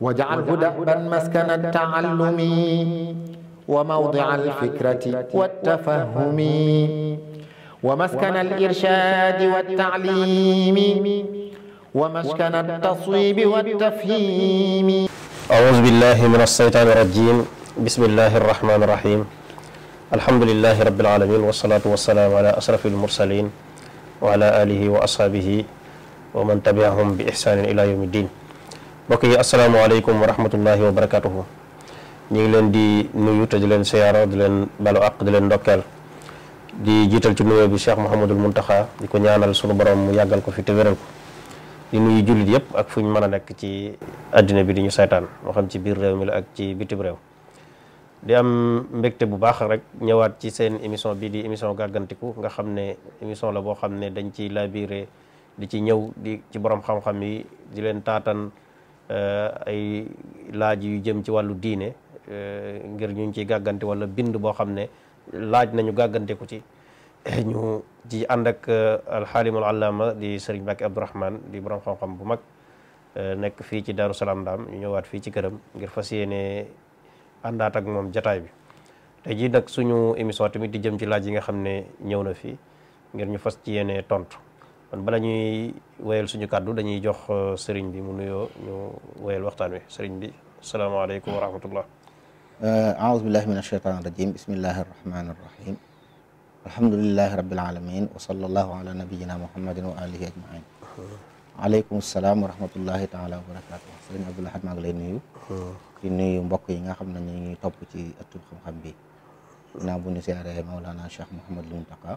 واجعله دأبا مسكن التعلم وموضع الفكرة والتفهم ومسكن الإرشاد والتعليم ومسكن التصويب والتفهيم أعوذ بالله من الشيطان الرجيم بسم الله الرحمن الرحيم الحمد لله رب العالمين والصلاة والسلام على أشرف المرسلين وعلى آله وأصحابه ومن تبعهم بإحسان إلى يوم الدين bokk yi asalaamaaleykum wa rahmatullahi wa barakatuhu ñu ngi leen di nuyu te di leen siyaara di leen balu àq di leen ndokkeel di jiital ci nuyoo bi Cheikh Mouhamadul Muntaxa di ko ñaanal sunu borom mu yàggal ko fi te wéral ko di nuyu jullit yëpp ak fu ñu mën a nekk ci àddina bi di ñu saytaan moo xam ci biir réew mi la ak ci bitim réew di am mbégte bu baax rek ñëwaat ci seen émission bi di émission gàggantiku nga xam ne émission la boo xam ne dañ ci labiré di ci ñëw di ci borom xam yi di leen taatan Eh, ay laaj yu jëm ci wàllu diine eh, ngir ñu ngi ciy gàggante wala bind boo xam ne laaj nañu gàggante ko ci ñu ci ànd ak eh, alxaalimul allaama di sëriñ Mbàkke Abdourahman di borom xam-xam bu mag nekk fii ci Daaru Salaam Ndaam ñu ñëwaat fii ci këram ngir fas yéene àndaat ak moom jataay bi tey jii nag suñu émission tamit di jëm ci laaj yi nga xam ne ñëw na fii ngir ñu fas ci yéene tontu. kon bala ñuy wéyal suñu kàddu dañuy jox euh, sëriñ bi mu nuyoo ñu wéyal waxtaan wi sëriñ bi asalaamaaleykum wa rahmatullah euh, aousubillahi min asheytan irajim bismillahi arrahmani irrahim alhamdulilahi rabbil alamin wa sallallahu ala nabiyina muhammadin wa alihi ajmain aleykum salaam wa rahmatullahi taala wa barakatu sëriñ Abdul Ahad maa ngi lay nuyu di nuyu mbokk yi nga xam ne ñu ngi topp ci ëttub xam-xam bi naa bu ñu siyaare Mawlana Cheikh Mouhamadul Muntaqa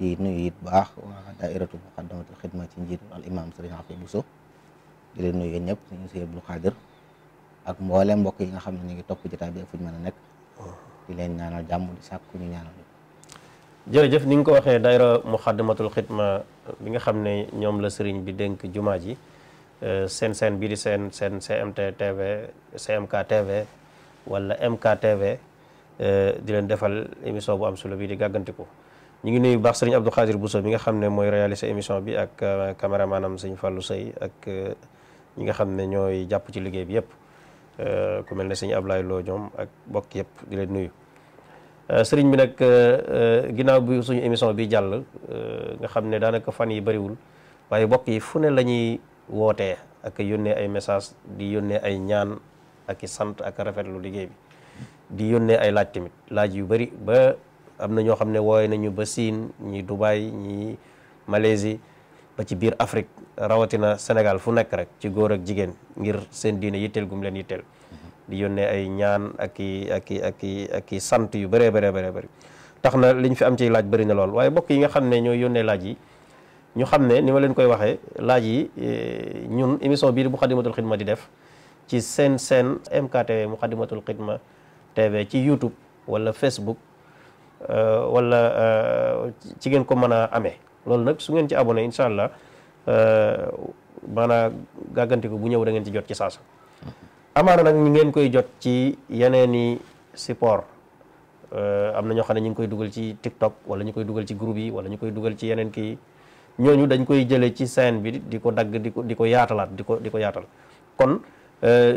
di nuyu it baax waa daairatu muqaddamatul xidma ci njiit al imam sëriñ Afi Bousso di leen nuyu ñëpp suñu sëriñ Abdul Xaadir ak mboolem mbokk yi nga xam ne ñu ngi topp jotaay bi ak fu ñu mën a nekk uh-huh. di leen ñaanal jàmm ni nga ko waxee daayira muqaddamatul xidma bi nga xam ne ñoom la sëriñ bi dénk jumaa ji euh, seen seen bii di seen seen CMT TV euh, di leen defal émission bu am solo bii di gàggantiku ñu ngi nuyu baax sëriñ Abdou Khadir Bousso bi nga xam ne mooy réaliser émission bi ak euh, maanam sëñ Fallou Sey ak euh, ñi nga xam ne ñooy jàpp ci liggéey bi yëpp euh, ku mel ne sëñ Ablaye Lo ñoom ak bokk yëpp di leen nuyu. sëriñ bi nag ginnaaw bi suñu émission bi jàll nga xam ne daanaka fan yi bëriwul waaye bokk yi fu ne la ñuy wootee ak yónnee ay message di yónnee ay ñaan ak i sant ak rafetlu liggéey bi di yónnee ay laaj tamit laaj yu bëri am na ñoo xam ne wooye nañu ba Siin ñi Dubaay ñii Malaisie ba ci biir Afrique rawatina Sénégal fu nekk rek ci góor ak jigéen ngir seen diine yitteel gum leen yitteel di yónnee ay ñaan ak i ak i ak i ak i sant yu bëree bëree bëree bëri tax na li ñu fi am ci laaj bëri na lool waaye mbokk yi nga xam ne ñoo yónnee laaj yi ñu xam ne ni ma leen koy waxee laaj yi e, ñun émission bii di Moukhaddamatoul Khidma di def ci seen seen mu Moukhaddamatoul Khidma TV ci YouTube wala Facebook Euh, wala euh, ci ngeen ko mën a amee loolu nag su ngeen ci abonné incha allah euh, maanaam gàggantiku bu ñëw da ngeen ci jot ci saasa mm-hmm. amaana nag ñu ngeen koy jot ci yeneeni support am na ñoo xam ne ñu ngi koy dugal ci TikTok wala ñu koy dugal ci groupe yi wala ñu koy dugal ci yeneen kii ñooñu dañ koy jëlee ci scène bi di ko dagg di ko di ko yaatalaat di ko di ko yaatal kon Euh,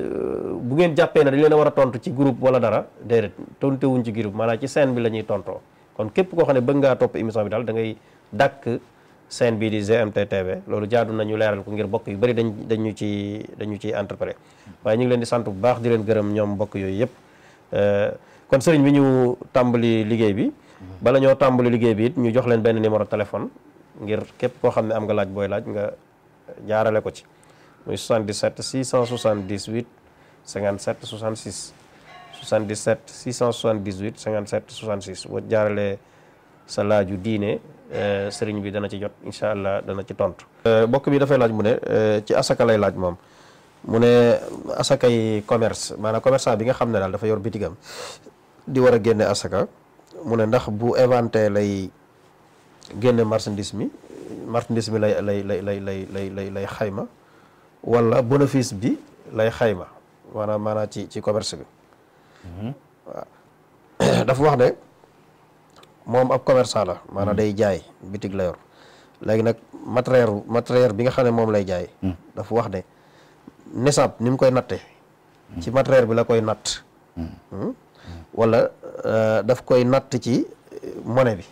bu ngeen jàppee na dañ leen a war a tontu ci group wala dara déedéet tonté wuñ ci groupe maanaam ci scène bi la ñuy tontoo kon képp koo xam ne bëgg ngaa topp émission bi daal da dàkk scène bii di GMT loolu jaadu nañu leeral ko ngir mbokk yu bëri dañ dañu ci dañu ciy entrepré waaye ñu ngi leen di sant bu baax di leen gërëm ñoom bokk yooyu yëpp euh, kon sëriñ bi ñu tàmbali liggéey bi bala ñoo tàmbali liggéey bi it ñu jox leen benn numéro téléphone ngir képp koo xam ne am laaj booy laaj nga jaarale ko ci muy 77 678 57 66 77 678 57 66 boo jaaralee sa laaju diine eh, sëriñ bi dana ci jot incha allah dana ci tontu. Eh, mbokk bi dafay laaj mu ne eh, ci asaka lay laaj moom mu ne asaka yi commerce maanaam commerçant bi nga xam ne daal dafa yor bitigam di war a génne asaka mu ne ndax bu éventé lay génne marchandise mi marchandise lay lay lay lay lay lay lay xayma. wala bénéfice bi lay xayma maanaam maanaam ci ci commerce bi mhm. waaw wax ne moom ab commercant la maanaam mhm. day jaay bitig la yor léegi nag matériel matériel bi nga xam ne moom lay jaay hmm. dafa wax ne nisab ni mu koy nattee hmm. ci matériel bi la koy natt hmm. wala euh, daf koy natt ci monnaie bi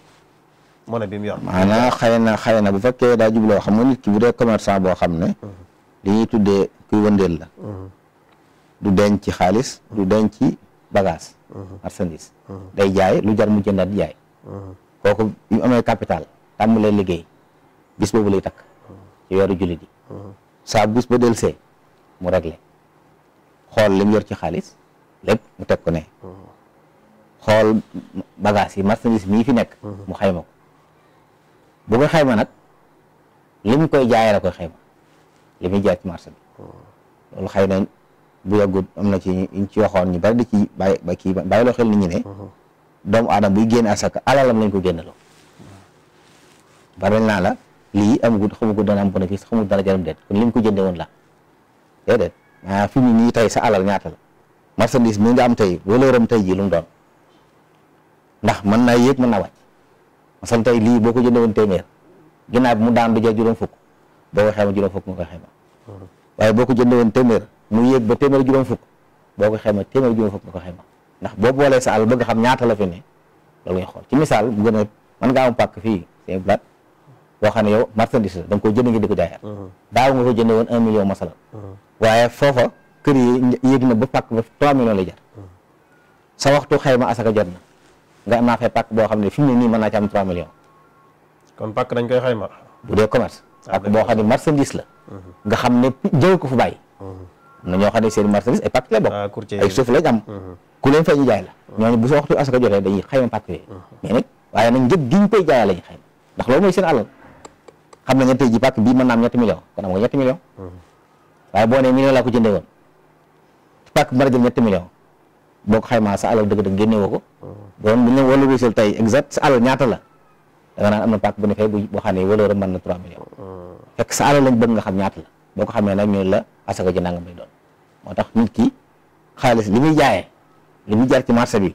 monnaie bi mu yor maanaam xëy na xëy na bu fekkee daa jubloo xam nga nit ki bu dee commerçant boo xam ne li ñuy tuddee kuy wëndeel la du denc ci xaalis du deñ ci bagage marchandise day jaay lu jar mu jëndaat jaay kooku bi amee capital tàmbalee liggéey bis boobu lay takk ci weeru jullit yi saa bis ba delsee mu réglé xool li mu yor ci xaalis lépp mu teg ko ne xool bagage yi marchandise mii fi nekk mu xayma ko bu ko xayma nag li koy jaayee la koy xayma li muy jaay ci loolu xëy na bu yàggut am na ci ñu ci waxoon ñu bari di ci bàyyi ba kii bàyyi loo xel nit ñi ne doomu aadama buy génne asaka alalam lañ ko génneloo bari naa la lii amagut xamugut dana am bénéfice xamugut dana jaram déet kon li ñu ko jënde woon la déedéet maanaam fi mu nii tey sa alal ñaata la marchandise mi nga jii lu mu doon ndax mën naa yéeg mën naa wàcc masal tey lii boo ko jënde woon téeméer ginnaaw bi mu daan du jar juróom fukk boo ko xayma juróom fukk boo ko jëndee woon téeméer mu yéeg ba téeméer juróom fukk boo ko xayma téeméer juróom fukk nga ko xayma ndax boo boolee sa àll bëgg xam ñaata la fi ne loolu ngay xool a mën ngaa fii c'est plat boo ne yow marchandise la da nga ko jënd ngi di ko jaayaat uh-huh. daaw nga ko jëndee woon un million masalan uh-huh. waaye foofa kër yi yéeg na ba pàkk ba trois millions lay jar uh-huh. sa waxtu xayma asaka jot na nga am naa fay pàkk boo xam ne fi mu ne nii mën naa ci am trois millions kon pàkk dañ koy xayma bu dee commerce ak boo xam ne marchandise la nga xam ne jël ko fu bàyyi na ñoo xam ne seen marchandise ay pàcc la bokk ah, ay suuf lañ am mm-hmm. ku leen fay ñu jaay la ñooñu bu sa waxtu asaka jotee dañuy xayma pàcc yooyu mm-hmm. mais nag waaye nag njëg gi ñu la ñu ndax loolu mooy seen alal xam na nga tey ji pàcc bii mën naa am ñetti million kon am nga ñetti million mm-hmm. waaye boo ne million laa ko jëndee woon pàcc mën a jël ñetti million boo ko maa sa alal dëgg-dëgg génne woo ko doon bu ñu la wala exact sa alal ñaata la danga naan am na pàcc bu ne fee bu xam ne valeur mën na 3 fekk sa alal lañ bëgg nga xam ñaata la boo ko xamee nag ñu la asaka ji nangam lay doon moo tax nit ki xaalis li muy jaayee li muy jaar ci marché bi.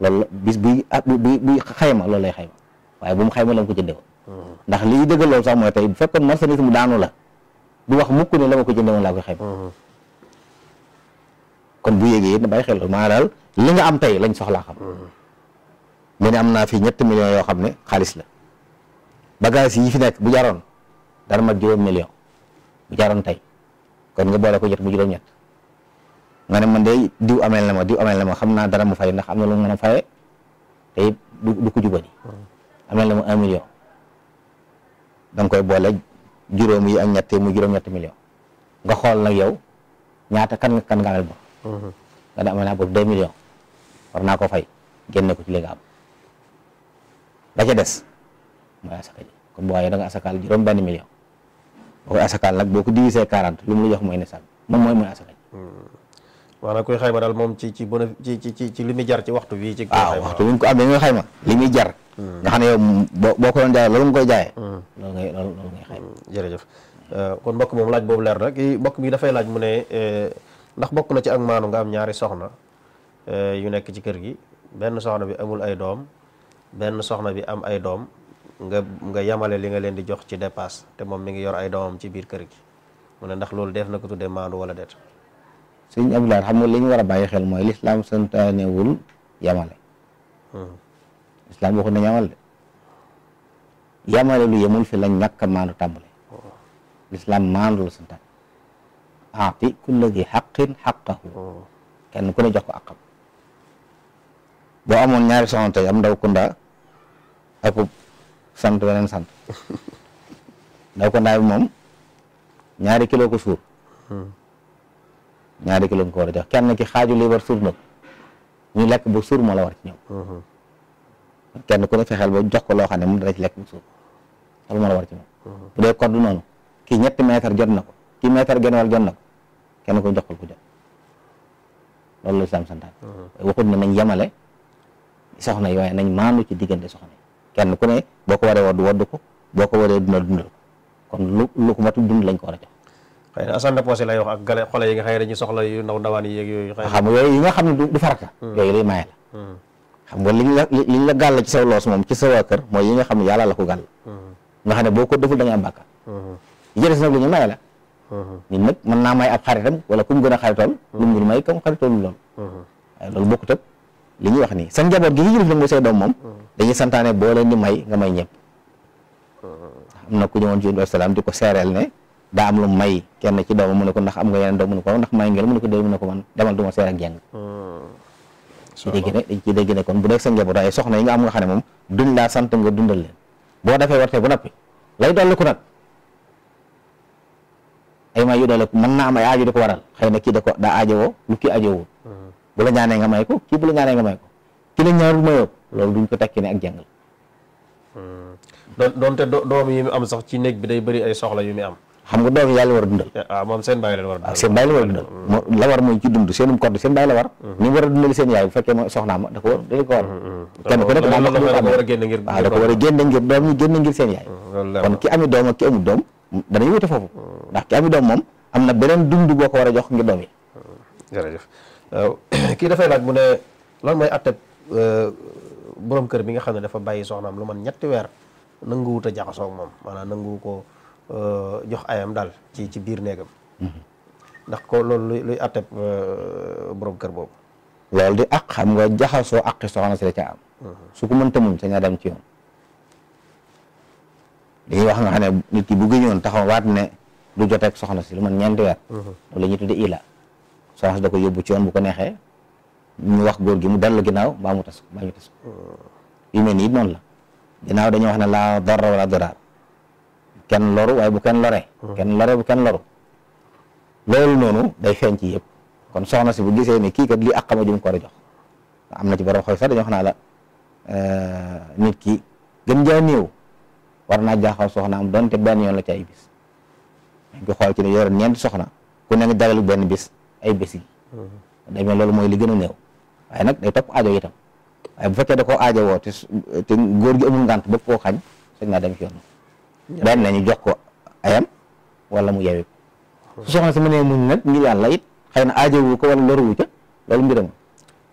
loolu bis buy ah, buy buy xayma loolu lay xayma waaye bu mu xayma la ko jëndee ndax liy dëgg loolu sax tey bu fekkoon marchandise mu daanu la du wax mukk ne la ma ko jëndee woon laa koy xayma. kon bu yéegee it na bàyyi xel loolu maanaam daal li nga am tey lañ soxlaa xam. mu ne am naa fi ñetti million yoo xam ne xaalis la bagage yi fi nekk bu jaroon dara mat juróom million bu jaroon tey kon nga boole ko jot bu juróom-ñett man de diw amel na ma diw na ma xam naa dara mu fay ndax am na lu mu mën a fayee te it na ma un million da koy boole juróom yi ak ñett mu million nga xool nag yow ñaata kan nga kan nga mm-hmm. naa bor deux millions war naa ko fay génne ko ci li nga am la ca des mooy asaka kon waaye da nga asakaal juróom benn million boo koy asakaal nag boo ko divisé 40 lu mu la jox mooy nisaab moom mooy mooy asaka ji hmm. maanaam koy daal moom ci ci bon ci ci ci li muy jar ci waxtu bii ci waaw ah, waxtu bi ñu ko amee nga xayma li muy jar hmm. nga xam ne yow boo ko doon jaayee loolu nga koy jaayee hmm. loolu ngay loolu loolu euh, kon mbokk moom laaj boobu leer na kii mbokk mi dafay laaj mu ne euh, ndax bokk na ci ak maanu nga am ñaari soxna euh, yu nekk ci kër gi benn soxna bi amul ay doom benn soxna bi am ay doom nga yamale li nga leen di jox ci dépasse te moom mi ngi yor ay doomam ci biir kër gi mu ne ndax loolu def na ko tuddee maandu wala déet. sëñ Abdoulaye xam nga li ñu war a bàyyi xel mooy lislaam santaanewul yamale. Hmm. lislaam waxul na yamal de yamale fi lañ ñàkk a maandu tàmbale. Hmm. lislaam maandu la santaane. aati kulli di xaqin xaqahu. Hmm. kenn ku ne jox ko àqam. boo amoon ñaari soxna tey am ndaw kunda akub sant beneen sant ndaw kunda bi moom ñaari kilo ko suur hmm. ñaari kilo nga ko war a jox kenn ki xaaju li war suur nag ñu lekk bu suur moo la war ci ñëw hmm. kenn ku ne fexeel ba jox ko loo xam ne mu dara ci lekk bu suur loolu moo la war ci moom hmm. bu dee code noonu kii ñetti mètre jot na ko kii mètre genn wàll jot na kenn ku jox ko ku jot loolu la islam santaan waxut soxna yooyu nañ maandu ci diggante soxna kenn ku ne boo ko waree wodd wodd ko boo ko waree dundal dundal ko kon lu lu ko matu dund lañ a jox xëy na asanda poosé lay wax ak gale xole yi hmm. la hmm. xam la la gàll ci saw loos moom ci sa waa kër mooy yi nga la ko gàll hmm. nga xam da nga am bàkkaar yi jëres la nit nag mën naa may ab xaritam wala ku mu gën a xaritool lu mu may kam xaritool loolu loolu bokkut ak li ñuy wax nii sa njaboot gi nga yilif nag mu say doom moom hmm. dañuy santaane boo leen di may nga may ñëpp hmm. am na ku ñëwoon ci Yonent bi salaam di ko seereel may kenn ci doomam mu ne ko ndax am nga yeneen doom mu ne ko ndax may ngeen mu ne ko dee ne ko man demal du ma seer ak jeng hmm. ci dégg ne ci dégg ne kon bu dee sa njaboot ay soxna yi nga am nga xam ne moom duñ laa sant nga dundal leen boo defee warte bu noppi lay dolli ko nag ay may yu dolli ko mën naa am ay aajo di ko waral xëy na kii da ko daa aajowoo lu kii aajowul bu la ñaanee nga may ko kii bu la ñaanee nga may ko ki la ñaanul mayoo loolu duñ ko tekki ne ak jàng la hmm. doon doonte doom yi mu am sax ci néeg bi day bëri ay soxla yu muy am xam nga doom yi yàlla war a dundal waaw ah, ah, moom seen bàyyi la war a dundal ah, seen bàyyi la war a dundal hmm. la war mooy ci dund seenum kodd seen bàyyi la war hmm. ni mu war a dundal seen yaay bu fekkee mooy soxnaa ma da ko war da ko war kenn ku nekk daa ma war a génn ngir waaw da ko war a génn ngir doom ñu génn ngir seen yaay kon ki ami doom ak ki amul doom danañ wute foofu ndax ki ami doom moom am na beneen dund boo ko war a jox ngir doom yi jërëjëf waaw euh, kii dafay laaj mu ne lan mooy atteb euh, borom kër bi nga xam ne dafa bàyyi soxnaam lu man ñetti weer nanguwut a jaxasoo ak moom maanaam nanguwu ko euh, jox ayam daal ci ci biir néegam mm-hmm. ndax ko loolu luy atteb borom kër boobu loolu di ak xam nga jaxasoo aqi soxna si da ca am mm-hmm. su ko mënta muñ sa nga dem ci yoon dañuy wax nga xam ne nit ki bu gëñoon taxaw waat ne du joteeg soxna si lu man ñeenti weer wala mm-hmm. ñu tudde ila soxna da ko yóbbu ci yoon bu ko neexee ñu wax góor gi mu dellu ginnaaw mbaa mu tas mbaa ñu tas oh. yu mel nii la ginnaaw dañuy wax ne laa darra wala daraar kenn loru kenn loree oh. kenn lore bu kenn loru day feeñ yëpp kon soxna si bu gisee ne kii kat lii àqama jum ko war jox am na ci borom xol sax dañoo wax naa la eh, nit ki gën jaa néew war naa jaaxaw soxna am donte benn yoon la ci ay bis dañ ko xool ci ne yore ñeenti soxna ku ne nga dagalu benn bis ay bés yi day mel mooy li gën a néew waaye nag day topp aajo yitam waaye bu fekkee da koo aajo woo te te góor gi amul ngànt bëgg koo xañ sañ naa dem ci yoon daan nañu jox ko ayam wala mu yewi ko hmm. su soxna si mënee muñ nag ngir yàlla it xëy na aajo wu ko wala loru wu ca loolu mbiram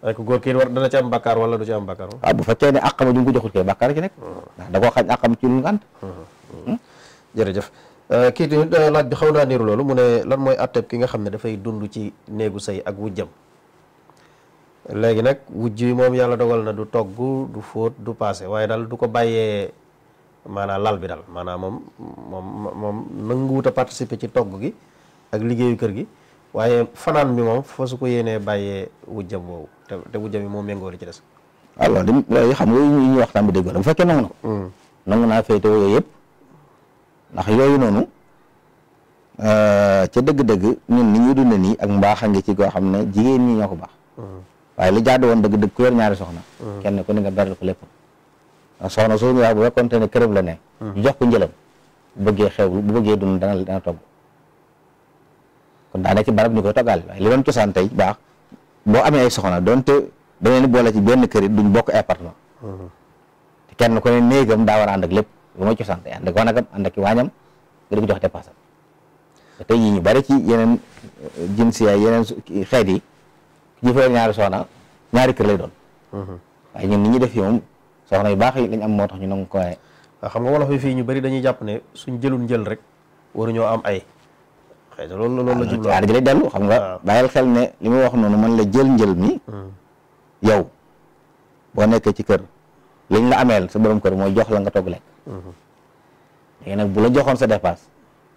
waaye ko góor kii war dana ci am bakkaar wala du ci am bakkaar ah, bu fekkee ne àqama ju ngi ko joxul kay bakkaar ci nekk hmm. ndax da koo xañ àqam ci lu ngànt hmm. Euh, kii tamit euh, laaj bi xaw naa niru loolu mu ne lan mooy atteb ki nga xam ne dafay dund ci néegu sëy ak wujjam léegi nag wujj yi moom yàlla dogal na du togg du fóot du paase waaye daal du ko bàyyee maanaam lal bi daal maanaam moom moom moom nanguwut a participer ci togg gi ak liggéeyu kër gi waaye fanaan bi moom foo su ko yéenee bàyyee wujjam woowu te te wujjam yi moom méngoo li ci des alors di xam nga ñu waxtaan bi dégg na bu fekkee nangu na ko hmm. naa féetewoo yëpp ndax yooyu noonu euh, ca dëgg-dëgg ñun ni ñuy dundee nii ak mbaax a ngi ci koo xam ne jigéen ñi ñoo ko baax. Mm-hmm. waaye li jaadu woon dëgg-dëgg ku yor ñaari soxna. Mm-hmm. kenn ku ne nga beral ko lépp. ndax soxna soo ñu wax bu fekkoonte ne këram la ne. Mm-hmm. jox ko njëlam bu bëggee xewlu bu bëggee dund dana dana togg. kon daa nekk barab ñu koy toggaale waaye li doon cosaan tey baax boo amee ay soxna donte da leen boole ci benn kër duñ bokk appartement. kenn ku ne néegam daa war a ak lépp. lu mooy cosaan day ànd ak wanagam ànd ak waañam nga di jox dépassam tey jii ñu bari ci yeneen uh, jinsi yaay yeneen xeet yi ki jëfee ñaari soxna ñaari kër lay doon. Mm-hmm. waaye ñun ni ñuy def fii moom soxna yu baax yi lañ am moo tax ñu nangu ko waaye. Ah, xam nga wolof yi fii ñu bari dañuy jàpp ne suñ jëlul njël rek waruñoo am ay. xëy na loolu loolu la ah, jublu aada ji lay dellu xam nga ah. bàyyil xel ne li muy wax noonu man la jël njël mi. Mm. yow boo nekkee ci kër. liñ la ameel sa borom kër mooy jox la nga togg lekk mhm. léegi nag bu la joxoon sa dépasse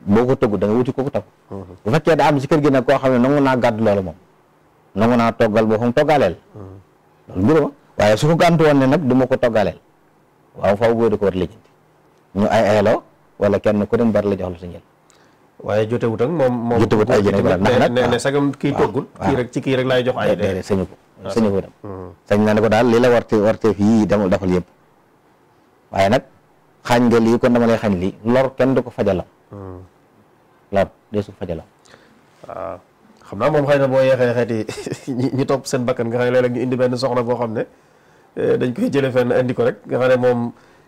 boo ko togg da nga wuti kooku togg mhm. bu fekkee da am ci kër gi nag koo xam ne nangu naa gàddu loolu moom nangu naa toggal boo xam toggaleel mhm. loolu mbir waaye su ko gàntu woon ne nag duma ko toggaleel waaw faaw boo di ko war lijjanti ñu ay ayaloo wala kenn ku dem bari la jox la sa njël waaye jotewut ak moom moom jotewut ay jotewut ndax nag ne sagam kii toggul kii rek ci kii rek laay jox ay déedéet sañu ko sañu ko sañ na ne ko daal lii la warte wartee fii demal defal yëpp waaye nag xaañ nga lii kon dama lay xañ lii lor kenn du ko fajalam lor dee su fajalam waaw xam naa moom xëy na boo yeexee xeet yi ñu topp seen bakkan nga xam ne léeg-léeg benn soxna boo xam ne eh, dañ koy jële fenn indi ko rek nga xam moom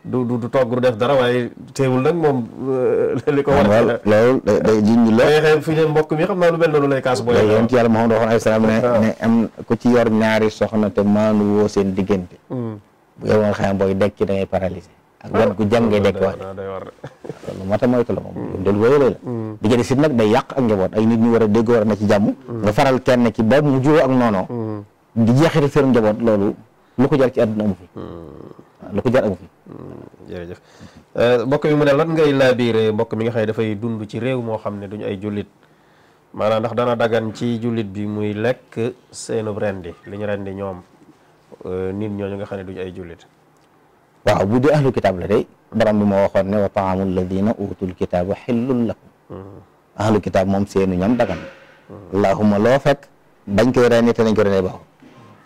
du du togg du def dara waaye teewul la moom euh, li ko war a loolu day day jiñ la xëy fi mbokk mi xam naa lu mel noonu kaas booy yonent yàlla Muhammad waxoon alayhi salaam ne ah. ne am ku ci yor ñaari soxna te maanu woo seen diggante hmm. bu yowoon xam booy dekki da ngay paralysé ak wat gu jàngee wax waat ah, loolu moo tax moytu la moom delu wooyu lay la hmm. diggante sit nag day yàq ak njaboot ay nit ñu war a dégg war a ci jàmm hmm. nga faral kenn ki ba mu juwoo ak noonoo di jeexite seen njaboot loolu lu ko jar ci àdduna amu fi lu ko jar amu fi jërëjëf euh, mbokk mi mu ne lan ngay laabiire mbokk mi nga xam ne dafay dund ci réew moo xam ne duñu ay jullit maanaam ndax dana dagan ci jullit bi muy lekk seenub rendi li ñu rendi ñoom euh, nit ñooñu nga xam ne duñ ay jullit waaw bu dee ahlu kitaab la day borom bi moo waxoon ne wa taamu alladina utul kitaaba xillun lakum hmm. ahlu kitaab moom seenu ñam dagan allahuma loo fekk bañ koy rendi te nañ ko rendi baaxul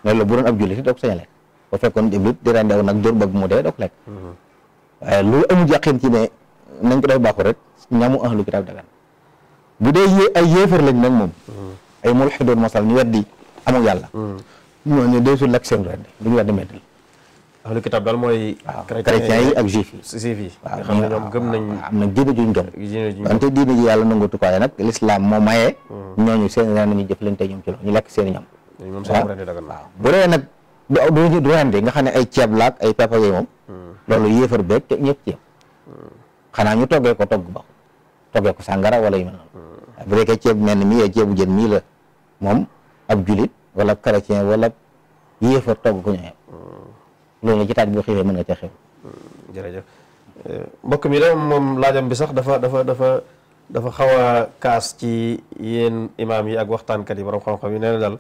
loolu la bu doon ab jullit doog sañ lekk bu fekkoon iblit di rendi aw nag jur bëgg mu dee doog lekk hmm. waaye lu amul yàqin ci ne nañ ko def baaxul rek ñamu ahlul kitaab dagan bu dee ay yéefar lañ nag moom ay mulxidoon masal ñu weddi amul yàlla ñooñu deesul lakk seen redd du ñu weddi mettal ahlul kitaab daal mooy chrétien yi ak juif yi waaw xam ne ñoom gëm nañ am na diine juñ gëm wante diine ji yàlla nangutu ko waaye nag l'islam moo mayee hmm. ñooñu seen ren nañu jëflante ñoom ci loolu ñu lekk seen ñam waaw bu dee nag du du rende nga xam ne ay ceeb laak ay papa yooyu moom loolu yéefar beeg te ñëpp ci xanaa ñu toggee ko togg ba toggee ko sàngara wala yu mel noonu hmm. bu dee ceeb mel ni mii ceebu jën mii la moom ab julit wala chrétien wala yéefar togg ko ñëwee hmm. loolu ci taat bu xiifee mën nga ca xew hmm. jërëjëf eh, mbokk mi la moom laajam bi sax dafa dafa dafa dafa xaw a kaas ci yéen imaam yi ak waxtaankat yi borom xam-xam yi nee na daal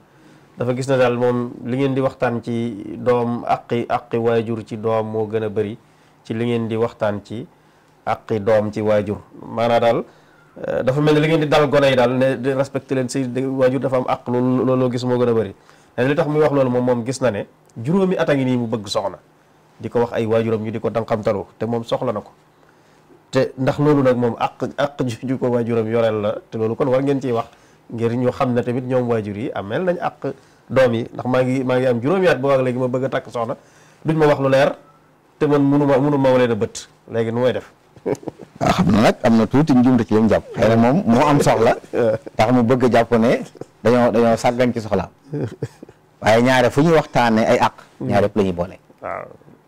dafa gis na daal moom li ngeen di waxtaan ci doom aqi aqi waajur ci doom moo gën a bari ci li ngeen di waxtaan ci aqi doom ci waajur maanaa daal eh, dafa mel ne li ngeen di dal gone yi daal ne di respecté leen si waajur dafa am aq loolu looloo gis moo gën a bari bëri li tax muy wax loolu moom moom gis na ne juróomi at a ngi nii mu bëgg soxna di ko wax ay waajuram ñu di ko danxamtalu te moom soxla na ko te ndax loolu nag moom aq aq ju ko waajuram yoreel la te loolu kon war ngeen ciy wax ngir ñu xam ne tamit ñoom waajur yi amel nañ àq doom yi ndax maa ngi maa ngi am juróomi at boo wax léegi ma bëgg a takk soxna duñ ma wax lu leer te man munu ma munu ma leen a bët léegi nu mooy def waaw ah, xam na nag am na tuuti njuumte ci lim jàpp xëy na moom moo am soxla tax mu bëgg a jàpp ne dañoo dañoo sàggan ci soxla waaye ñaare fu ñuy waxtaanee ay àq ñaare yëpp la ñuy boole waaw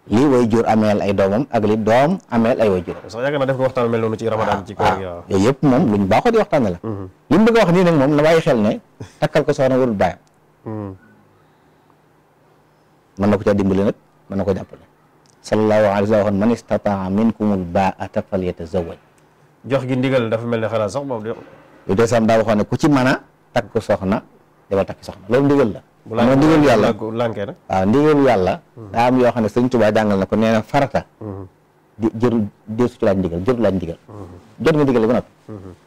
li way jur ameel ay doomam ak li doom ameel ay way jur sax yàgg na def ko waxtaan mel noonu ci ramadan ci koor gi waaw ah, yooyu yëpp moom luñ baaxoo di waxtaane la mhm. li mu bëgg a wax nii nag moom na bàyyi xel ne takkal ko soxna warul bàyyam mhm. mën na ko caa dimbale nag mën na ko jàppale sallallahu alayhi wa sallam man istataa minkumul baata falyatazawaj jox gi ndigal dafa mel ne xalaat sax moom de yu desam daa ku ci mën a takk soxna demal takki soxna loolu ndigal la moo ndigalu yàlla lànkee nag waaw ndigalu yàlla hmm. daa am yoo xam ne sëñ Tuubaa jàngal na ko nee na farata di hmm. jër dee su ci laaj ndigal jëru laaj ndigal hmm. jot nga ndigal ba noppi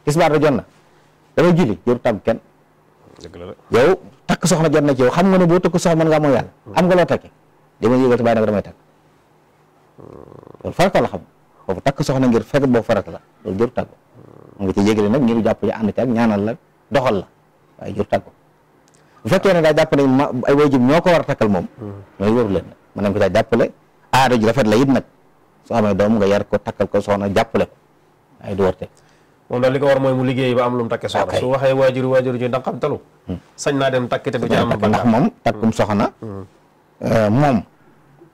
tisbaar da jot na damay julli jëru takk soxna jot na ci yow xam nga ne boo takk soxna mën ngaa mooy yàlla am nga loo takke damay yëgal te bàyyi nag damay takk loolu farata la xam foofu takk soxna ngir fekk boobu farata la loolu jëru tàggu mu nga ci yégale nag ngir jàpp ci ànd ci ak ñaanal la doxal la waaye jëru tàggu bu fekkee na daa jàpp ne ma ay waajur ñoo ko war a takkal moom ñooy hmm. waru leen mën nañ ko jàppale aada ju rafet la it nag soo amee doom nga yar ko takkal ko soxna jàppale ko ay du warte moom daal li ko war mooy mu liggéey ba am lu mu takke soxna su waxee waajur waajur ju ndax xam talu hmm. sañ naa dem takk te du ci am ndax moom takkum hmm. soxna euh, moom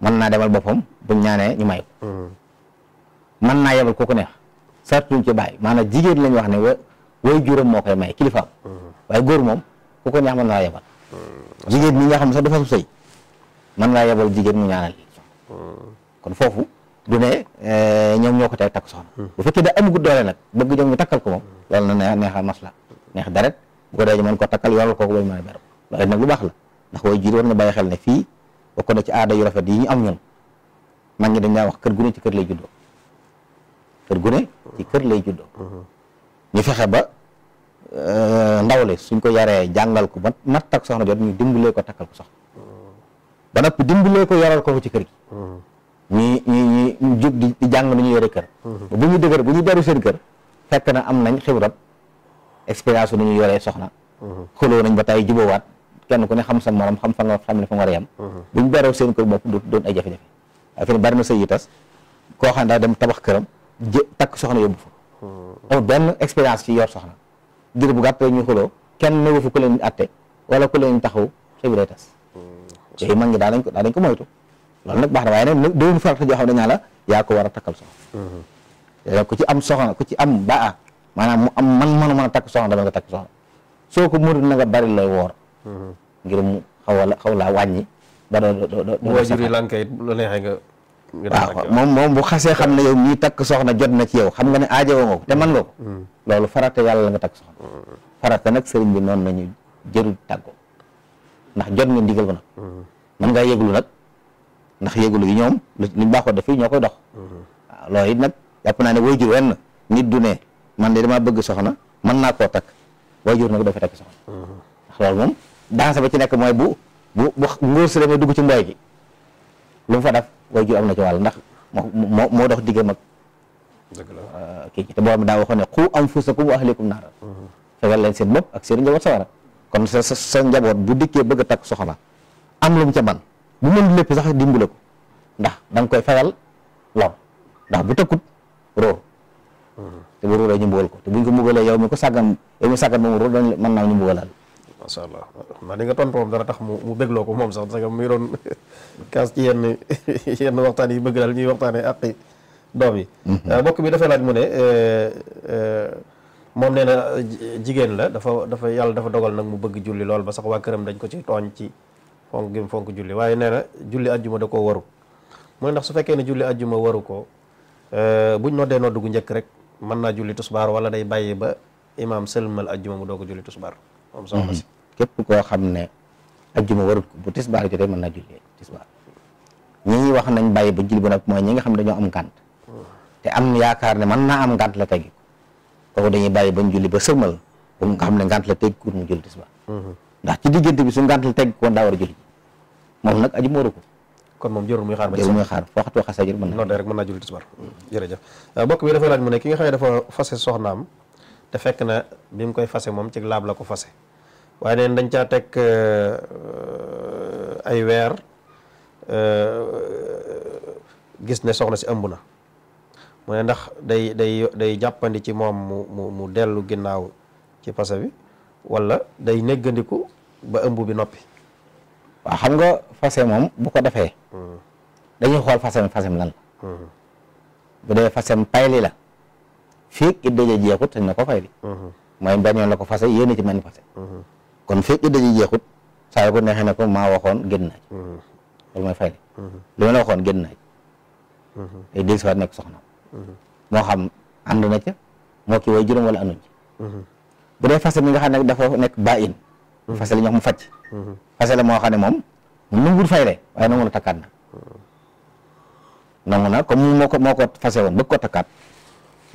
mën naa demal boppam buñ ñaanee ñu may ko mën naa yebal kooku neex sartuñ ci bàyyi maanaam jigéen lañ wax ne way juróom moo koy may kilifaam waaye góor moom ku ko neex mën naa yebal jigéen ñi nga xam ne sax dafa sëy mën naa yebal jigéen mu ñaanal kon foofu du ne eh, ñoom ñoo ko tey takk soxna hmm. bu fekkee da amagut doole nag bëgg ñoom ñu takkal ko moom loolu na neex neexa masla neex deret bu ko dee mën ko takkal yoonal kooku bañu mën a beru loolu nag lu baax la ndax way jur war nga bàyyi xel ne fii bokk na ci aada yu rafet yi ñu am ñun mag ñi dañ daan wax kër gune ci kër lay juddoo kër gune ci lay juddoo hmm. Euh, ndawle suñ ko yaree jàngal ko ba nat tak soxna jot ñu dimbalee ko takkal ko soxna ba noppi dimbalee ko yaral ko ci kër gi ñi ñi ñi jug di jàng nu ñu yore kër bu ñu dëgër bu ñu deru seen kër fekk na am nañ xibrab expérience nu ñu yoree soxna xuloo nañ ba tey waat kenn ku ne xam sa morom xam fa nga xam ne fa nga a bu ñu beroo seen kër bopp du doon ay jafe-jafe waaye fi ne bari na sëy yi tas koo xam ne daa dem tabax këram jë takk soxna yóbbu benn expérience ci soxna gir bu gàtt ñu xuloo kenn néewu fu ku leen atte wala ku leen taxaw xëy yooyu mm-hmm. mag ñi daa dañ ko daa dañ ko moytu loolu nag baax na waaye nag déwén farata joo xam ne ñaa a yaa ko war a takkal soxna. Mm-hmm. ku ci am soxna ku ci am baa maanaam mu am man man mën a takk soxna dama nga takk soxna soo ko mënul na nga bari lay woor. Mm-hmm. ngir mu xaw a xaw laa wàññi ba doo doo doo. waajur yi lan kay lu neexee nga. waaw moom moom bu xasee xam na yow mii takk soxna jot na ci yow xam nga ne aajowoo nga ko te man nga ko mm. loolu farata yàlla la nga takk soxna mm. farata nag sëriñ bi noon nañu jërul tàggoo ndax jot nga ndigal ko nag mm. mën ngaa yéglu nag ndax yëglu yi ñoom lu ñu baaxoo def ñoo koy dox waaw loolu it nag jàpp naa ne waajur wenn nit du ne man de damaa bëgg soxna mën naa koo takk waajur nag dafa takk soxna ndax loolu moom danse ba ci nekk mooy bu bu bu ngóor si demee dugg ci mbooy gi lu mu fa def way jur am na ci wàll ndax moo moo dox diggam ak uh, kii te xam boobu daa waxoon ne qu anfusakum wa ahlikum naara mm-hmm. fegal leen seen bopp ak seen njaboot sawara kon sa sa njaboot bu dikkee bëgg a takk soxna am lu mu ca man bu mën lépp sax dimbale ko ndax da koy fegal lor ndax bu tëkkut róor mm-hmm. te bu róoree ñu mbugal ko te buñ ko mbugalee yow mi ko sàggan yow mi sàggan moom róor dañ mën naa ñu mbugalaal macha allah xam nga tontu moom dana tax mu mu bégloo ko moom sax parce muy doon kaas ci yenn yenn waxtaan yi bëgg daal ñuy waxtaanee àqi doom yi. Mhm. Euh, mbokk bi dafay laaj mu ne euh, euh, moom nee na jigéen la dafa dafa yàlla dafa dogal nag mu bëgg julli lool ba sax waa këram dañ ko ci tooñ ci fonk gi mu julli waaye nee na julli ajjuma da koo waru mooy ndax su fekkee ne julli ajjuma waru ko buñ noddee noddu gu njëkk rek mën naa julli tusbaar wala day bàyyi ba imaam sëlmal ajjuma mu doo a julli tusbaar. moom soxna mhm. si képp koo xam ne ajjuma warut ko bu tisbaar jotee mën naa julli tisbaar ñi wax nañ bàyyi ba julli ba nag mooy ñi nga xam ne dañoo am ngànt mhm. te am yaakaar ne mën naa am ngànt la tegi kooku dañuy bàyyi bañ julli ba sëmal ba nga xam ne ngànt la teg kuur mu julli tisbaar mhm. ndax ci diggante bi su ngànt la teg koon daa war a julli moom nag ajjuma waru ko kon moom jërul muy xaar ba jërul muy foo waxtu waxasee jër mën na noonu rek mën naa julli tisbaar mm. jërëjëf mbokk bi dafa laaj mu ne ki nga xam ne te fekk na bi mu koy fase moom ci laab la ko fase waaye neen dañ caa teg euh, ay weer euh, gis ne soxna si ëmb na mu ne ndax day day day jàppandi ci moom mu mu mu dellu ginnaaw ci fase bi walla day néggandiku ba ëmb bi noppi waaw xam nga fase moom bu ko defee hmm. dañuy xool fasem fasem lan hmm. bu dee fasem payli la feeg idda ja jeexut sañ na ko fay di mhm. mooy bañoon la ko fase yéen ci manifesté mhm. kon feeg idda ja jeexut saa yu ko neexee ne ko maa waxoon génn mhm. li ma la waxoon génn naa ci day dellu siwaat nekk soxna moo xam na ca moo ki way juróom wala anduñ ci bu dee fase mi nga xam ne dafa nekk ba in fase la ñoo mu facc fase la moo xam ne moom mu nanguwul fay de waaye nangu na takkaat na nangu na comme moo ko moo ko fase woon bëgg ko takkaat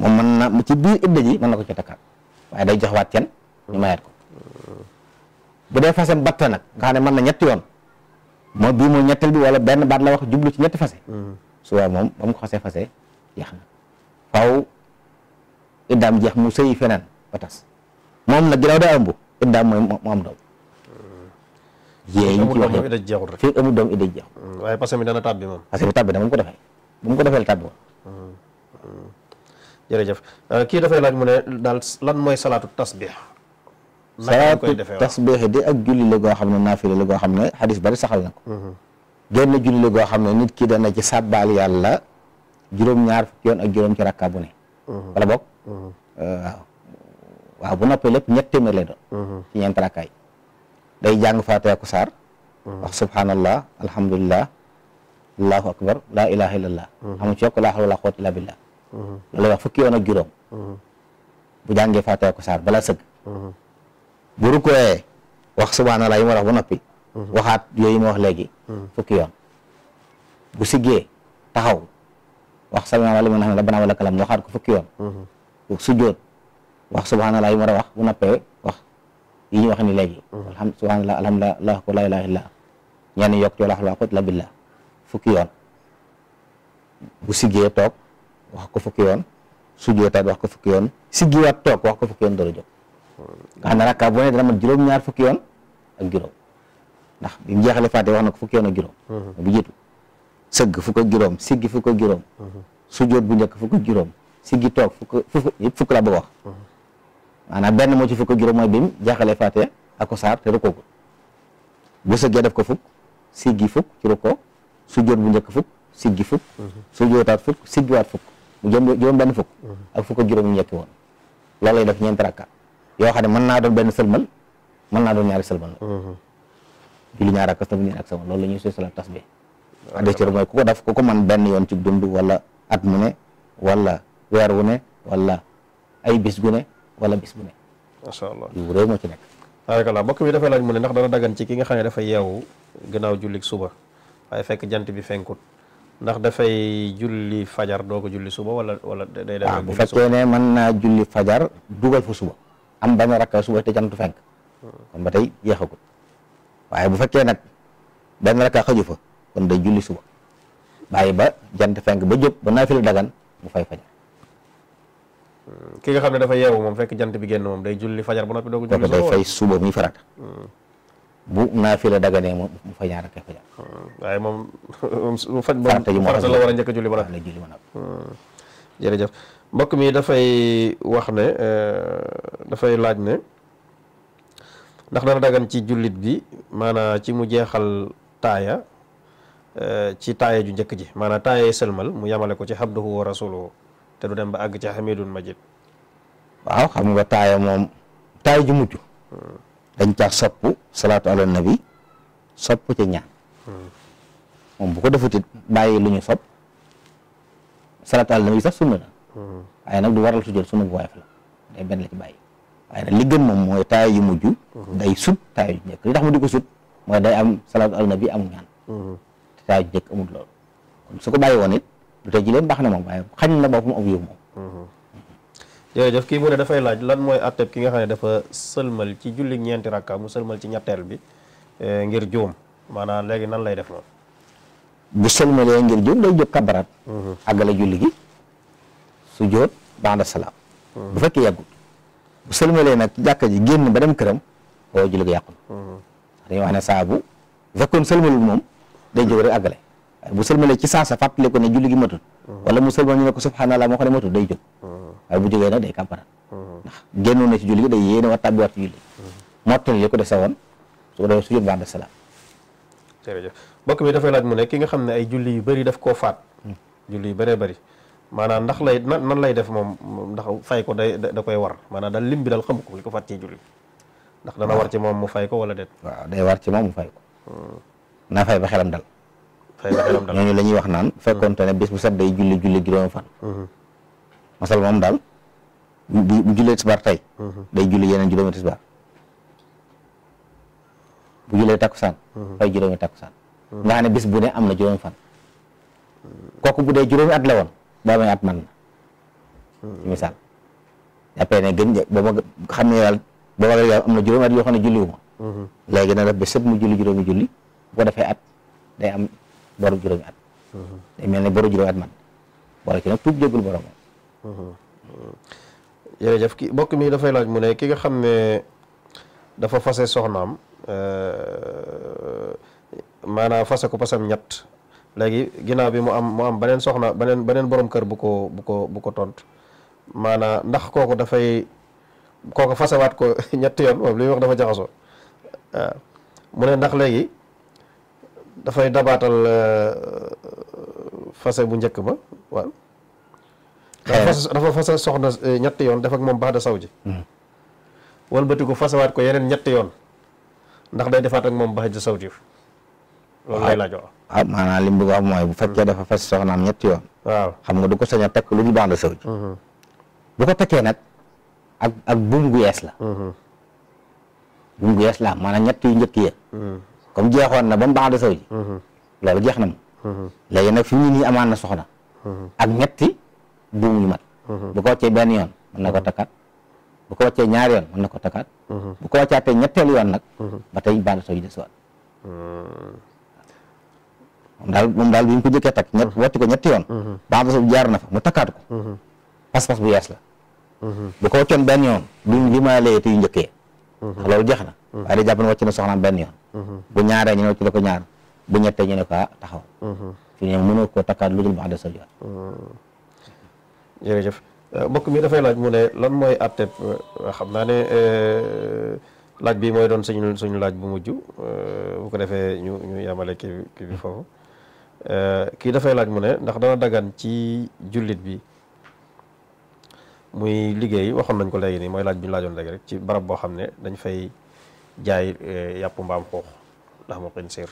moom man na ci biir idda ji mën na ko ci takkaat waaye day jox waat kenn ñu mayaat ko bu dee fasam batta nag nga xam ne mën na ñetti yoon moo bii mooy ñetteel bi wala benn baat la wax jublu ci ñetti fase mm-hmm. su waaye moom ba mu ko xasee fase jeex na faaw iddaam jeex mu sëyi feneen ba tas moom nag ginnaaw daa ëmb iddaam mooy mu am doom mm-hmm. yéen ñu ci wax yëpp fii amul doom idda jeexul mm-hmm. waaye fase mi dana tàbbi moom fase bi tàbbi na mu ko defee bu mu ko defee la tàbbi jërëjëf euh, kii dafay laaj mu ne lan mooy salaatu tasbix salaatu tasbix di ak julli la goo xam ne naafila goo xam ne xadis bari saxal na ko mhm. génn julli la goo xam ne nit ki dana ci sàbbaal yàlla juróom-ñaar fukki yoon ak juróom ci rakka bu ne mhm. wala boog mhm. euh, waaw bu noppee lépp ñett téeméer lay doon ci ñeent rakkaay day jàng faatiha ku saar wax subhanallah alhamdulillah allahu akbar la ilaha illallah amu ci yokk laa hawla wala quwwata illa billah loolu wax fukki yoon ak juróom bu jàngee fàttee ko saar bala sëgg bu rukkooyee wax subhanallah yi ma wax ba noppi waxaat yooyu ma wax léegi fukki yoon bu siggee taxaw wax sami'allaahu liman hamidah ko fukki yoon bu yi ma wax bu noppee wax yi ñu wax ni léegi alham subhanallah alhamdulillah allaahu akbar laa ilaaha yokk ci wala xawla quwwata illaa billaah fukki yoon bu siggee toog wax ko fukki yoon sujjootaat wax ko fukki yoon siggiwaat toog wax ko fukki yoon dara jóg nga xam ne rakka bu ne dana mat juróom-ñaar fukki yoon ak juróom ndax bi mu jeexalee wax na ko fukki yoon ak juróom mhm. fukk ak juróom siggi fukk ak mhm. bu njëkk fukk ak toog fukk fukk yëpp fukk la bëgg mhm. benn moo ci fukk ak juróom mooy bi mu jeexalee fàtte ak ko saar te rukoogul bu sëggee def ko fukk siggi fukk ci bu njëkk fukk siggi fukk sujjootaat fukk siggiwaat fukk juróom benn fukk ak fukk ak juróom ñu njëkki woon loolu lay def ñeenti rakka yoo xam ne mën naa doon benn sëlmal mën naa doon ñaari sëlmal la julli ñaari rakka sëlmal ñaari ak sama loolu la ñuy suy salaat tasbih adécër mooy ku ko def ku ko man benn yoon ci dund wala at mu ne wala weer wu ne wala ay bis gu ne wala bis bu ne macha allah yu moo ci nekk baarakallah mbokk bi dafay laaj mu ne ndax dana dagan ci ki nga xam ne dafa yeewu gannaaw jullik suba waaye fekk jant bi fenkut ndax dafay julli fajar doo ko julli suba wala wala day dem ah, bu fekkee ne mën naa julli fajar dugal fa suba am bañ a rakka suba te jantu fenk hmm. kon ba tey jeexagul waaye bu fekkee nag benn rakka xaju fa kon day julli suba bàyyi ba jant fenk ba jóg ba naafila dagan mu fay fajar hmm. ki nga xam ne dafa yeewu moom fekk jant bi génn moom day julli fajar ba noppi doo ko julli suba day fay suba muy farata hmm. bu naa daganee la fa ñaar ak fajar. Hmm. waaye moom mu faj. farata la war a njëkk a julli ba noppi hmm. mbokk mi dafay wax ne euh, dafay laaj ne ndax dana dagan ci jullit bi maanaam ci mu jeexal taaya euh, ci taaya ju njëkk ji maanaa taaya yi sëlmal mu yamale ko ci habduhu wa rasuluhu te du dem ba àgg ci hamidun majid waaw xam nga taaya moom taaya ju mujj. Hmm. dañ caa sopp salaatu ala nabi sopp ca ñaan moom bu ko defatit bàyyi lu ñu sopp salaatu ala nabi sax sunna la waaye nag du waral sujjoot sunna bu woyof la day benn la ci bàyyi waaye nag li gën moom mooy taay yu mujj day sut taay yu njëkk li tax mu di ko sut mooy day am salaatu ala nabi amul ñaan te taay yu njëkk amul loolu kon su ko bàyyi woon it lu tey ji leen baax na moom waaye xañ na boppam ab yow moom jërëjëf kii mu ne dafay laaj lan mooy atteb ki nga xam ne dafa sëlmal ci julli ñeenti rakka mu sëlmal ci ñetteel bi eh, ngir juum maanaam léegi nan lay def moom bu sëlmalee ngir juum day jóg kabaraat mhm. àggale julli gi su jóot banda salaam mhm. bu fekkee yàggut bu nag jàkka ji génn ba këram boo julli gi mhm. wax ne saabu bu fekkoon sëlmalul moom day jóg rek àggale bu sëlmalee ci saasa fàttali ko ne julli gi matut wala mu sëlmal ñu ne ko subhanallah moo xam ne matut day jóg waaye bu jógee mm-hmm. na ci julli gi day yéene war tàbbiwaat ci julli mm-hmm. mottali li ko dese woon su ko defee mbokk mi dafay laaj mu ne ki nga xam ne ay julli yu bëri daf koo faat mm. julli yu bëree bëri maanaam ndax lay nan nan lay def moom ndax fay ko day da koy war maanaam daal lim bi daal xamu ko li ko faat ci julli ndax dana war ci moom mu fay ko wala de waaw day war ci moom mu fay ko mm. naa fay ba xelam dal fay ba la ñuy wax naan fekkoonte ne bis bu set day julli julli juróomi fan mm-hmm. masal moom daal bu bu jullee tisbaar tey. Mhm. day julli yeneen juróomi tisbaar bu jullee takkusaan. Mhm. fay juróomi takkusaan. Mhm. nga xam ne bis bu ne am na juróomi fan. kooku bu dee juróomi at la woon ba may na. ci misaal après ne gën xam ne daal am na juróomi at yoo xam ne julliwuma. léegi na def ba sëb mu julli juróomi julli bu defee at day am boru juróomi at. day mel ne boru juróomi at man boole ci nag tuub jéggul boromam. jërëjëf ki mbokk mi dafay laaj mu ne ki nga xam ne dafa fase soxnaam euh, maanaam fase ko pasam ñett léegi ginnaaw bi mu am mu am beneen soxna beneen beneen boroom kër bu ko bu ko bu ko tontu maanaam ndax kooku dafay kooku fasawaat ko ñetti yoon moom li muy wax dafa jaxaso mu ne ndax léegi dafay dabaatal euh, fase bu njëkk ba waaw dafa fasa soxna eh, ñetti yoon dafa ak moom baax da saw ji hmm. walbati ko fasawaat ko yeneen ñetti yoon ndax day defaat ak moom baax da ji loolu ah, lay laajoo ah li mu bëgg wax mooy bu fekkee dafa fas soxnaam ñetti yoon xam nga du ko sañ a lu ñu baax da saw ji hmm. bu nag ak ak buum gu yees la hmm. buum gu yees la maanaam ñett yu njëkk ya comme jeexoon na ba mu baax da loolu jeex na mu léegi nag fi mu nii amaan na soxna ak ñetti buum yu mat mhm. bu ko wàccee benn yoon mën na ko mhm. bu ko wàccee ñaar yoon mën na ko takkaat mhm. bu ko wàccaatee ñetteelu yoon nag ba te balatoo yi des waat moom daal moom mu ko jëkkee takk ñett wàcc ko ñetti yoon balatoo jaar na fa mu takkaat pas-pas bu yees la bu ko wàccoon benn yoon duñ li ma te yu njëkkee ndax loolu na waaye da jàpp ne wàcc na soxnaam benn yoon bu ñaaree ñu ne wàcc la ko ñaar bu ñettee ñu ne ko ah, taxaw fi ne mënoo koo takkaat lu dul ba ànd jërëjëf euh, mbokk mi dafay laaj mu ne lan mooy àtte euh, xam naa ne euh, laaj bi mooy doon suñu suñu laaj bu mujj bu ko defee ñu ñu yamale kii bi foofu kii dafay laaj mu ne ndax dana dagan ci jullit bi muy liggéey waxoon nañ ko léegi nii mooy laaj bi ñu laajoon léegi rek ci barab boo xam ne dañ fay jaay yàpp mbaam xuux ndax moo xiin séer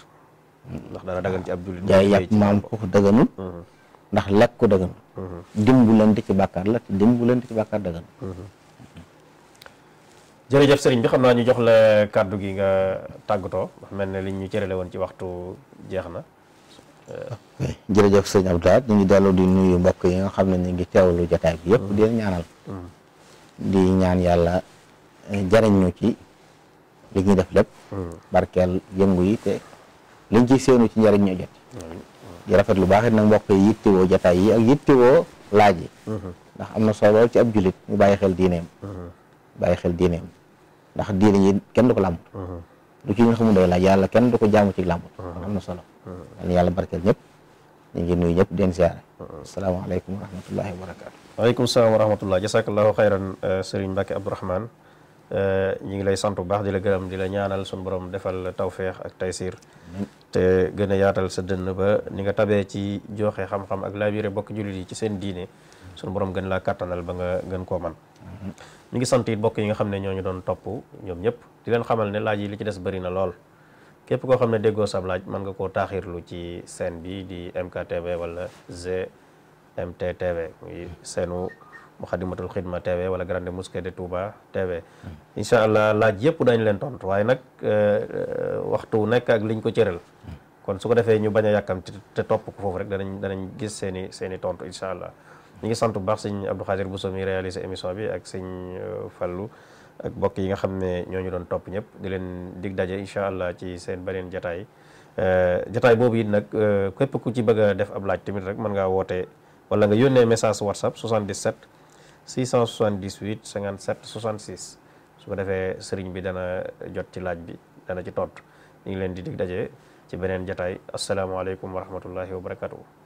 ndax dana dagan ci ab jullit jaay yàpp mbaam xuux daganul mm-hmm. ndax lekk ko dagan dimbalante ci bàkkaar la te dimbalante ci bàkkaar dagan jërëjëf sëriñ bi xam naa ñu jox la kàddu gi nga tàggatoo mel ne li ñu cërale woon ci waxtu jeex na jërëjëf sëriñ Abdoulaye ñu ngi di nuyu mbokk yi nga xam ne ñu ngi teewlu jotaay bi yëpp di ñaanal di ñaan yàlla eh, jariñ ci li ñuy def lépp mm. barkeel yëngu yi te liñ ci séenu ci njariñ jot di rafet lu baax it nag mbokk yi yittewoo jataay yi ak yittewoo laaj mhm. ndax am na solo ci ab julit ñu bàyyi xel diineem mhm. bàyyi xel diineem ndax diine yi kenn du ko làmb mhm. lu ci nga xamul day laaj yàlla kenn du ko jaamu ci làmb am na solo yàlla yàlla barkeel ñëpp ñu ngi ñëpp den siyaare asalaamaaleykum wa rahmatullahi wa barakaatu waaleykum salaam wa rahmatullah jasakallahu xayran eh, sëriñ Mbacke Abdourahmane Euh, ñi ngi lay sant bu baax di la gërëm di la ñaanal suñu borom defal tawféex ak taysiir te gën a yaatal sa dënn ba ni nga tabee ci joxe xam-xam ak laabire bokk jullit yi ci seen diine suñu borom gën laa kattanal ba nga gën koo man ñu ngi sant it yi nga xam ne ñoo ñu doon topp ñoom ñëpp di leen xamal ne laaj yi li ci des bëri na lool képp koo xam ne déggoo sab laaj mën nga koo taaxirlu ci seen bi di MKTV wala GMT TV seenu Moukhaddamatoul Khidma TV wala Grande Mosquée de Touba TV incha allah laaj yëpp dañ leen tontu waaye nag euh, euh, waxtu nekk ak liñ ko cëral kon su ko defee ñu bañ a yàkkam te topp ko foofu rek danañ danañ gis seeni i seen i tontu incha allah ñu ngi sant bu baax sëñ Abdou Khadir Bousso mi réalisé émission bi ak sëñ euh, Fallou ak mbokk yi nga xam ne ñoo ñu doon topp ñëpp di leen dig daje incha allah ci seen beneen jataay jataay boobu it nag képp ku ci bëgg a def ab laaj tamit rek mën ngaa wootee wala nga yónnee message WhatsApp 77. 678 57 66 su ko defee sëriñ bi dana jot ci laaj bi dana ci tontu ñu ngi leen di dig daje ci beneen jataay asalaamaaleykum wa rahmatullahi wa barakatuh